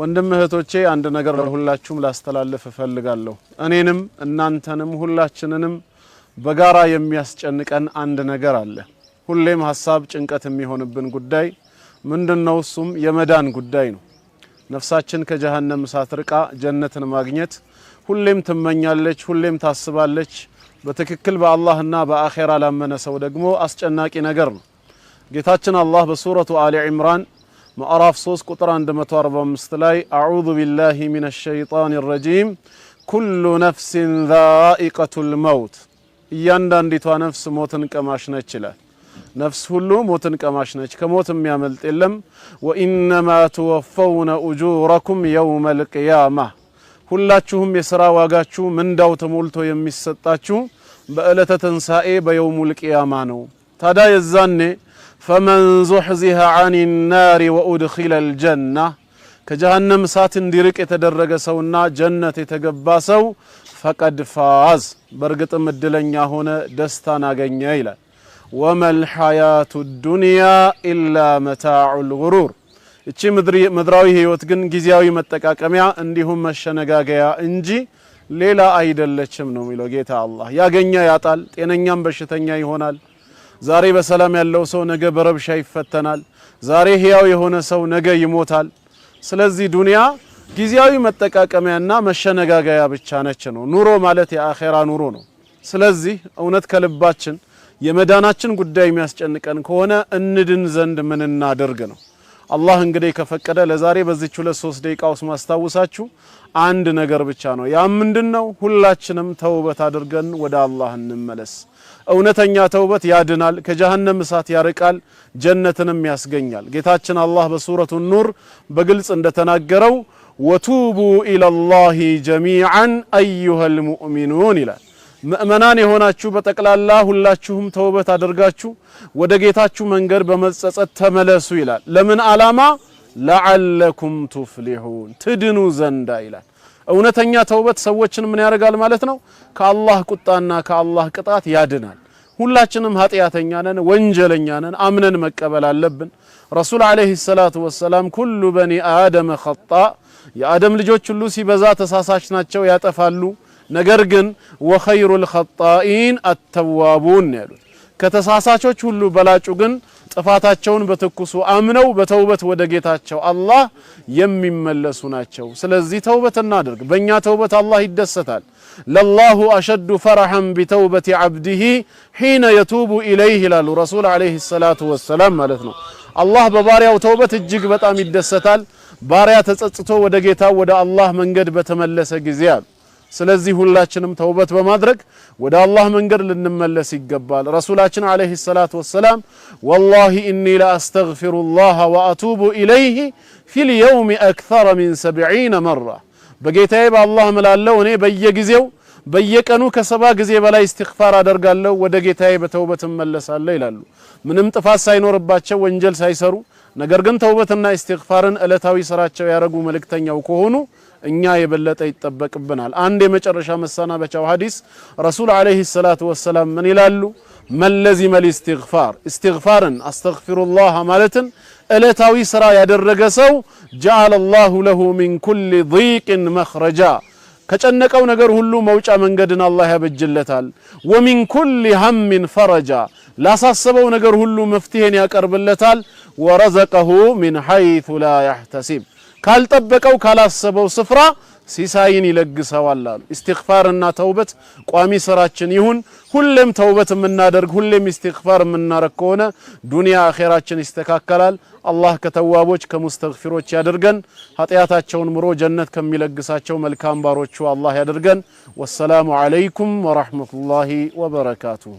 ወንድም እህቶቼ አንድ ነገር ለሁላችሁም ላስተላልፍ እፈልጋለሁ። እኔንም እናንተንም ሁላችንንም በጋራ የሚያስጨንቀን አንድ ነገር አለ። ሁሌም ሀሳብ ጭንቀት የሚሆንብን ጉዳይ ምንድነው? እሱም የመዳን ጉዳይ ነው። ነፍሳችን ከጀሀነም እሳት ርቃ ጀነትን ማግኘት ሁሌም ትመኛለች፣ ሁሌም ታስባለች። በትክክል በአላህና በአኼራ ላመነ ሰው ደግሞ አስጨናቂ ነገር ነው። ጌታችን አላህ በሱረቱ አሊ ዒምራን ማዕራፍ 3 ቁጥር 145 ላይ አዑዙ ቢላሂ ሚነ ሸይጣን ረጂም ኩሉ ነፍሲን ዛኢቀቱል መውት እያንዳንዲቷ ነፍስ ሞትን ቀማሽ ነች ይላል። ነፍስ ሁሉ ሞትን ቀማሽ ነች፣ ከሞት የሚያመልጥ የለም። ወኢነማ ትወፈውነ ኡጁረኩም የውመል ቅያማ ሁላችሁም የሥራ ዋጋችሁ ምንዳው ተሞልቶ የሚሰጣችሁ በዕለተ ተንሣኤ በየውሙል ቅያማ ነው። ታዲያ የዛኔ ፈመን ዙሕዚሃ አን ናሪ ወኡድኺለ ልጀና ከጀሃነም እሳት እንዲርቅ የተደረገ ሰውና ጀነት የተገባ ሰው ፈቀድ ፋዝ በእርግጥም እድለኛ ሆነ ደስታን አገኘ ይላል። ወመል ሐያቱ ዱንያ ኢላ መታዑል ጉሩር እቺ ምድራዊ ህይወት ግን ጊዜያዊ መጠቃቀሚያ እንዲሁም መሸነጋገያ እንጂ ሌላ አይደለችም ነው የሚለው ጌታ አላህ። ያገኛ ያጣል፣ ጤነኛም በሽተኛ ይሆናል። ዛሬ በሰላም ያለው ሰው ነገ በረብሻ ይፈተናል። ዛሬ ህያው የሆነ ሰው ነገ ይሞታል። ስለዚህ ዱንያ ጊዜያዊ መጠቃቀሚያና መሸነጋገያ ብቻ ነች ነው። ኑሮ ማለት የአኼራ ኑሮ ነው። ስለዚህ እውነት ከልባችን የመዳናችን ጉዳይ የሚያስጨንቀን ከሆነ እንድን ዘንድ ምን እናደርግ ነው? አላህ እንግዲህ ከፈቀደ ለዛሬ በዚች ሁለት ሶስት ደቂቃ ውስጥ ማስታውሳችሁ አንድ ነገር ብቻ ነው። ያ ምንድነው? ሁላችንም ተውበት አድርገን ወደ አላህ እንመለስ። እውነተኛ ተውበት ያድናል፣ ከጀሀነም እሳት ያርቃል፣ ጀነትንም ያስገኛል። ጌታችን አላህ በሱረቱ ኑር በግልጽ እንደተናገረው ወቱቡ ኢለላሂ ጀሚዓን አዩሃል ሙእሚኑን ይላል። ምእመናን የሆናችሁ በጠቅላላ ሁላችሁም ተውበት አድርጋችሁ ወደ ጌታችሁ መንገድ በመጸጸት ተመለሱ ይላል። ለምን ዓላማ? ለዓለኩም ቱፍሊሁን ትድኑ ዘንዳ ይላል። እውነተኛ ተውበት ሰዎችን ምን ያደርጋል ማለት ነው? ከአላህ ቁጣና ከአላህ ቅጣት ያድናል። ሁላችንም ኃጢአተኛ ነን፣ ወንጀለኛ ነን። አምነን መቀበል አለብን። ረሱል ዓለይሂ ሰላቱ ወሰላም ኩሉ በኒ አደም ኸጣ፣ የአደም ልጆች ሁሉ ሲበዛ ተሳሳች ናቸው፣ ያጠፋሉ ነገር ግን ወኸይሩል ኸጣኢን አተዋቡን ያሉት ከተሳሳቾች ሁሉ በላጩ ግን ጥፋታቸውን በትኩሱ አምነው በተውበት ወደ ጌታቸው አላህ የሚመለሱ ናቸው። ስለዚህ ተውበት እናድርግ። በእኛ ተውበት አላህ ይደሰታል። ለላሁ አሸዱ ፈረሐን ቢተውበት ዓብዲሂ ሒነ የቱቡ ኢለይህ ይላሉ ረሱል ዓለይሂ ሰላቱ ወሰላም ማለት ነው። አላህ በባሪያው ተውበት እጅግ በጣም ይደሰታል። ባሪያ ተጸጽቶ ወደ ጌታው ወደ አላህ መንገድ በተመለሰ ጊዜ አሉ ስለዚህ ሁላችንም ተውበት በማድረግ ወደ አላህ መንገድ ልንመለስ ይገባል። ረሱላችን አለይሂ ሰላቱ ወሰላም ወላሂ እኒ ለአስተግፊሩላህ ወአቱቡ ኢለይህ ፊል የውሚ ሚን ሰብዒነ መራ በጌታዬ በአላህ እምላለሁ እኔ በየጊዜው በየቀኑ ከሰባ ጊዜ በላይ እስትግፋር አደርጋለሁ ወደ ጌታዬ በተውበት እመለሳለሁ ይላሉ። ምንም ጥፋት ሳይኖርባቸው ወንጀል ሳይሰሩ ነገር ግን ተውበትና እስትግፋርን ዕለታዊ ስራቸው ያደረጉ መልእክተኛው ከሆኑ እኛ የበለጠ ይጠበቅብናል። አንድ የመጨረሻ መሰናበቻው ሀዲስ ረሱል ዓለይሂ ሰላቱ ወሰላም ምን ይላሉ? መለዚመ ልእስትግፋር እስትግፋርን አስተግፊሩላህ ማለትን እለታዊ ስራ ያደረገ ሰው ጀዓለላሁ ለሁ ሚን ኩሊ ዲቅን መኽረጃ ከጨነቀው ነገር ሁሉ መውጫ መንገድን አላህ ያበጅለታል። ወሚን ኩሊ ሀሚን ፈረጃ ላሳሰበው ነገር ሁሉ መፍትሄን ያቀርብለታል። ወረዘቀሁ ሚን ሐይቱ ላ ያሕተሲብ ካልጠበቀው ካላሰበው ስፍራ ሲሳይን ይለግሰዋል አሉ። ኢስቲግፋርና ተውበት ቋሚ ስራችን ይሁን። ሁሌም ተውበት የምናደርግ ሁሌም ኢስቲግፋር የምናረግ ከሆነ ዱንያ አኼራችን ይስተካከላል። አላህ ከተዋቦች ከሙስተግፊሮች ያደርገን። ኃጢአታቸውን ምሮ ጀነት ከሚለግሳቸው መልካም ባሮቹ አላህ ያደርገን። ወሰላሙ አለይኩም ወራህመቱላሂ ወበረካቱሁ።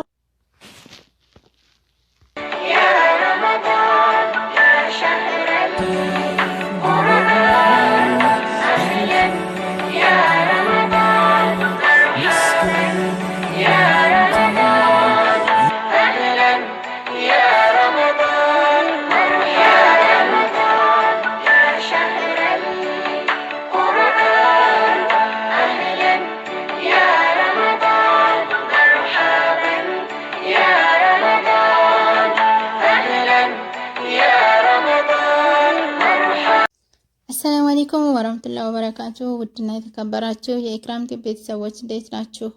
አለይኩም ወረምቱላ ወበረካቱ ውድና የተከበራችሁ የኢክራም ቲዩብ ቤተሰቦች እንዴት ናችሁ?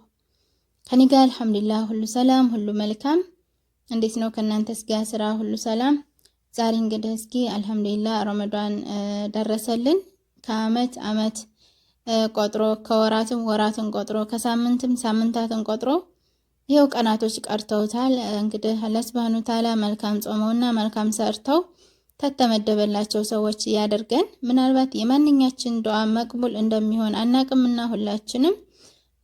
ከኔ ጋር ሁሉ ሰላም፣ ሁሉ መልካም። እንዴት ነው ከእናንተ ስጋ ስራ ሁሉ ሰላም? ዛሬ እንግዲህ እስኪ አልሐምዱላ ረመዷን ደረሰልን። ከአመት አመት ቆጥሮ ከወራትም ወራትን ቆጥሮ ከሳምንትም ሳምንታትን ቆጥሮ ይኸው ቀናቶች ቀርተውታል። እንግዲህ አላህ ሱብሃነሁ ወተዓላ መልካም ጾመውና መልካም ሰርተው ከተመደበላቸው ሰዎች ያደርገን። ምናልባት የማንኛችን ዱዓ መቅቡል እንደሚሆን አናቅምና ሁላችንም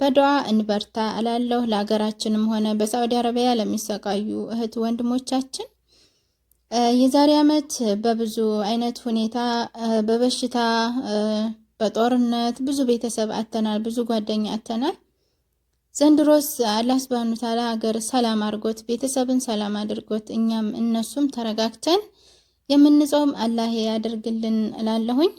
በዱዓ እንበርታ እላለሁ። ለሀገራችንም ሆነ በሳዑዲ አረቢያ ለሚሰቃዩ እህት ወንድሞቻችን የዛሬ ዓመት በብዙ አይነት ሁኔታ በበሽታ በጦርነት ብዙ ቤተሰብ አተናል፣ ብዙ ጓደኛ አተናል። ዘንድሮስ አላህ ሱብሃነሁ ወተዓላ ሀገር ሰላም አድርጎት ቤተሰብን ሰላም አድርጎት እኛም እነሱም ተረጋግተን የምንጾም አላህ ያደርግልን እላለሁኝ።